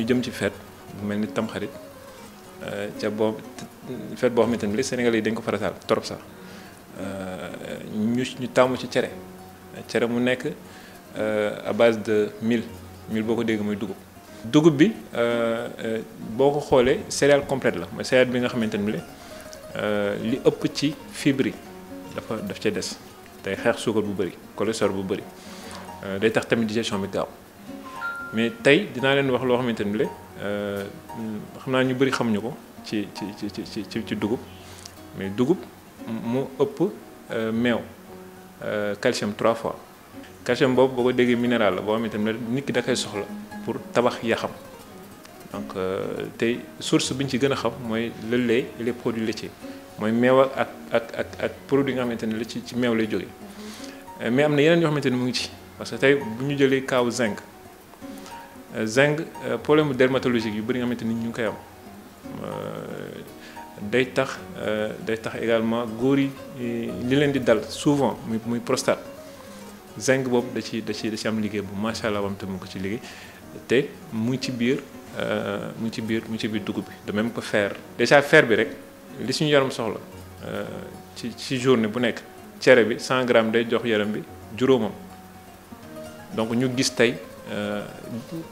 ñu jëm ci fête bu mel ni tamxarit euh, ca boo fête boo xamante ni bii sénégalais yi dañ ko farataal trop sax euh, ñu ñu tàmm ci cere cere mu nekk euh, à base de mille mille boo ko dégg muy dugub. dugub bi boo ko xoolee céréale complète la mooy céréale bi nga xamante ni bii li ëpp ci fibre yi dafa daf ca des tey xeex suukar bu bëri cholestérol bu bëri day tax tamit digestion bi gaaw mais tay dina len wax lo xamante ni le euh, xam naa ñu bari xamuñu ko ci ci ci ci ci dugub mais dugub mo upp euh ëpp euh, euh calcium 3 fois calcium boobu boko ko minéral bo boo nit ki da kay soxla pour tabax yaxam donc euh, tay source biñ ci gëna xam moy le lait les produits laitiers moy meew ak ak ak ak produit nga xamante la ci ci meew lay jógee mais amna yeneen yoo xamante mu ngi ci parce que tay buñu jëlé jëlee zinc. Euh, zeng euh, problème dermatologique yu bari nga xamante ñu koy am euh, day tax day également eh, li souvent muy muy prostate zeng bob da ci da ci bu ko ci ci ci ci de même que fer déjà fer bi rek li suñu yaram soxla ci ci journée bu 100 grammes de jox yaram donc ñu gis euh,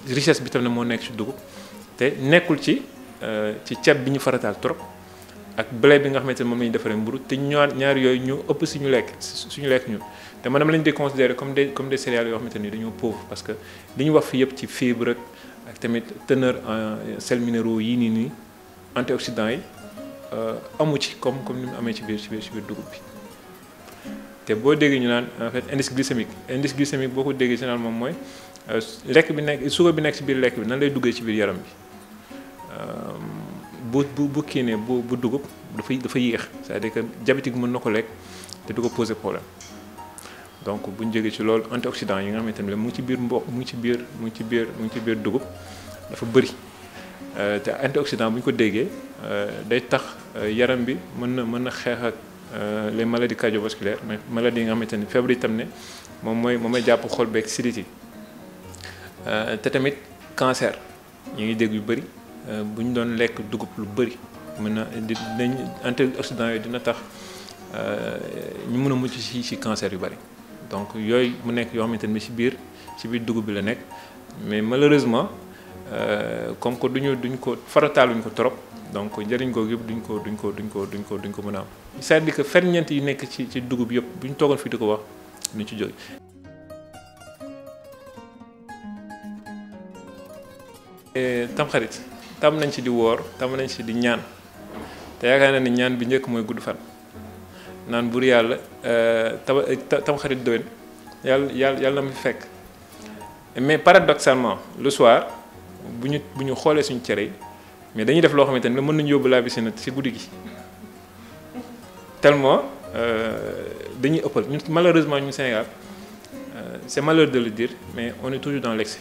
richesse bi tam ne moo nekk ci dugub te nekkul ci euh, ci ceeb bi ñu farataal trop ak blé bi nga xamante ne moom la ñu defaree mburu te ñaar ñaar yooyu ñu ëpp suñu lekk suñu lekk ñun te maanaam lañ ñu di considérer comme des comme des céréales yoo xamante ni dañoo pauvre parce que li ñu wax fi yëpp ci fibre ak tamit teneur en euh, sels minéraux yii nii nii antioxydants yi euh, amu ci comme comme ni mu amee ci biir ci biir ci biir dugub bi te boo déggee ñu naan en fait indice glycémique indice glycémique boo ko déggee généralement mooy Euh, lekk bi nekk suukar bi nekk ci biir lekk bi nan lay duggee ci biir yaram bi euh, bu bu bu kii ne bu bu dugub dafa dafa yéex c'est-à-dire mën na ko lekk te du ko poser problème donc bu ñu jógee ci loolu antioxydant yi nga xamante ne mu ngi ci biir mboq mu ngi ci biir mu ngi ci biir mu ngi ci biir dugub dafa bëri euh, te antioxydant bu ñu ko déggee day tax yaram bi mën na mën na xeex ak les maladies cardiovasculaires mais maladies yi nga xamante ne feebar itam ne moom mooy moom jàpp xol beeg sidit yi Euh, te tamit cancer ñu ngi dégg yu bëri euh, bu ñu doon lekk dugub lu bëri mën na dinañ antioxydants yooyu dina tax euh, ñu mën a mucc ci ci cancer yu bëri donc yooyu mu nekk yoo xamante ni ci biir ci biir dugub bi la nekk mais malheureusement comme que duñu duñ ko farataaluñ ko trop donc njëriñ googu yëpp duñ ko duñ ko duñ ko duñ ko duñ ko mën a am c'est-à-dire que ferñeent yi nekk ci ci dugub yëpp bu ñu toogoon fii di ko wax duñ ci jóge Eh, tamxarit tam nañ ci di wor tam nañ ci di ñaan té yaakaar naa ñaan bi njëkk mooy gudd fan naan buur yàlla eh, tamxarit eh, doyen doon yàlla yàlla na mu fekk mais paradoxalement le soir buñu buñu xolé suñu cere mais dañuy def lo xamante ne mën nañu la bi si ci si guddi gi tellement dañuy ëppal malheureusement ñu Sénégal c'est malheureux de le dire mais on est toujours dans l'excès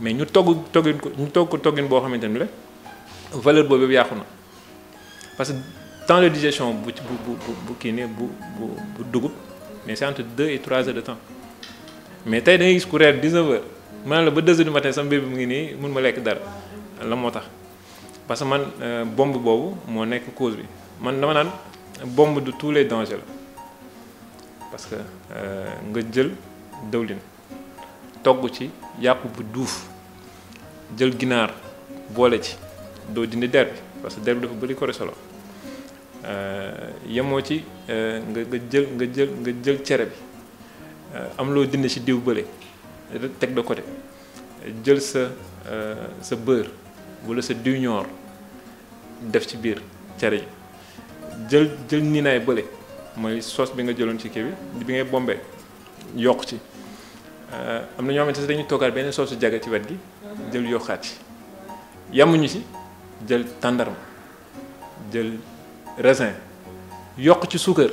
mais ñu togg toggin ko ñu togg ko toggin boo xamante valeur parce que le temps de digestion bu entre 2 et 3 heures de temps mais tey on gis 19 reer heures la ba heures du matin sama bébé mu ngi nii la parce que man euh, bombe boobu moo cause bi man dama bombe de tous les dangers parce que euh, nga jël dëwlin togg ci yàpp bu duuf jël ginaar boole ci doo dindi der parce que der bi dafa bëri cholestérol euh, yemoo ci euh, nga nga jël nga jël nga jël cere bi euh, am loo dindi ci diw bële teg de côté jël sa sa beurre wala sa diw ñoor def ci biir cere yi jël jël niinaay bële mooy soos bi nga jëloon ci kii bi bi ngay bombee yokk ci amna na ñoo xamante ne dañuy toogaat benn soosu jaga ci wet gi jël yokkaat ci yamuñu ci jël tàndarma jël raisin yokk ci suukar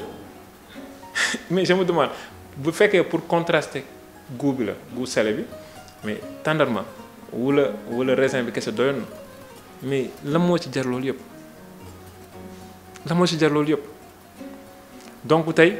mais je me demande bu fekkee pour contraster goût bi la goût salé bi mais tàndarma wala wala raisin bi kese doyoon na mais lan moo ci jar loolu yëpp lan moo ci jar loolu yëpp donc tey.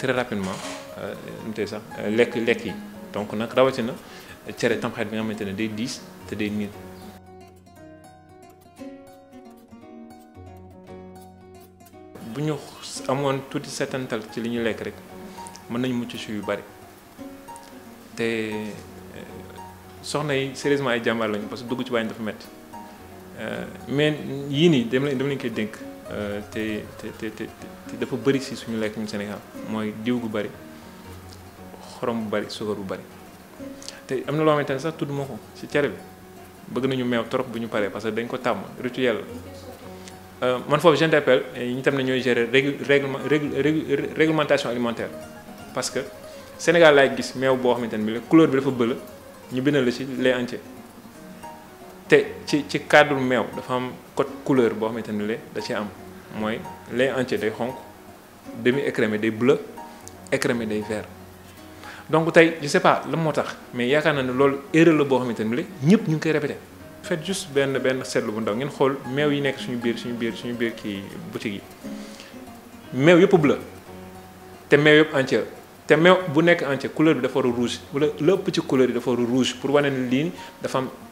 très rapidement euh, tey sax euh, lekk lekk yi donc nag rawatina cere tamxarit bi nga xamante ne day diis te day niir. bu ñu amoon setantal ci liñu ñu rek mën nañ mucc si yu bari té euh, soxna yi sérieusement ay jàmbaar lañu parce que dugg ci bañ dafa metti euh, mais il y dem dem koy té euh, té dafa suñu Sénégal moy diw gu bari xorom bu bu te am sax tudd nañu trop parce que dañ ko rituel la euh, man tam réglementation alimentaire parce que Sénégal lay gis mew bo bi la couleur bi dafa bëla ñu bindal ci lait entier te ci ci cadre meew dafa am code couleur bo xamante ni le da ci am moy lait entier day xonq demi écrémé day bleu écrémé day vert donc tay je sais pas le motax mais yakana naa lol loolu erreur la boo xamante le ñëpp ñu ngi koy répéter faites juste ben ben seetlu bu ndaw ngeen xol mew yi nekk suñu biir suñu biir suñu biir ki boutique yi mew yëpp bleu té mew yëpp entier té mew bu nekk entier couleur bi dafa war rouge wala lepp ci couleur yi dafa war rouge pour wané ni lii dafa am.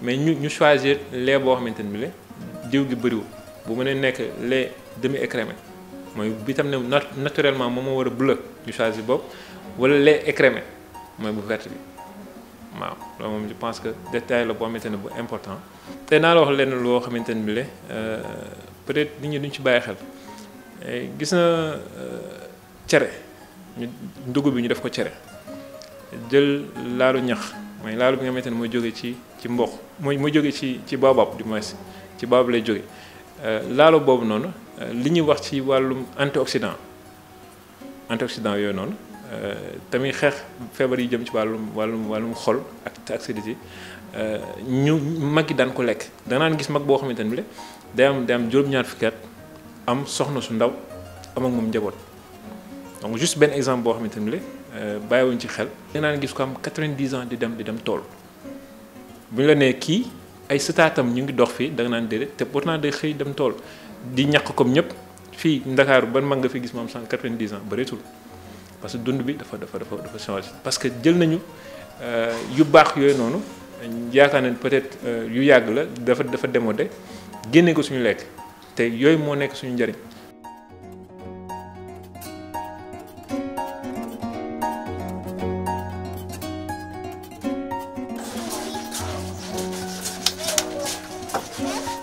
mais ñu ñu choisir lait boo xamante ni bii diw gi bëriwul bu mënee nekk les demi écrémé mooy bi tam ne naturellement moom moo war a bleu ñu choisir boobu wala les écrémé mooy bu vert bi waaw loolu moom je pense que détail la boo xamante ne bu important. tey naa la wax lenn loo xamante ni bii euh, peut-être nit ñi duñ ci bàyyi xel eh, gis na euh, cere ñu ndugg bi ñu def ko cere jël laalu ñax mooy laalu bi nga xamante ne mooy jóge ci. ci mboq mooy mu jóge ci ci di du moins ci baobab lay jóge euh, laalo boobu noonu euh, li ñuy wax ci wàllum antioxydant antioxydant yooyu noonu euh, tamit xeex feebar yu jëm ci wàllum wàllum wàllum xol ak acidité ñu mag yi daan ko lekk danaan gis mag boo xamante ne bi day am day am juróom-ñaar fukki at am soxna su ndaw am ak moom njaboot donc benn exemple boo xamante ne bi bàyyiwuñ ci xel danaan gis ko am 90 ans di dem di dem tool bu ñu la nee kii ay sëtaatam ñu ngi dox fii da naan déedéet te naa de xëy dem tool di ñàkk comme ñëpp fii Ndakaaru ban mag nga fi gis moom cent quatre-vingt-dix ans bëreetul parce que dund bi dafa dafa dafa dafa changé parce que jël nañu euh, yu baax yooyu noonu yaakaar nañ peut-être euh, yu yàgg la dafa dafa démodé génne ko suñu lekk te yooyu moo nekk suñu njëriñ. Yes.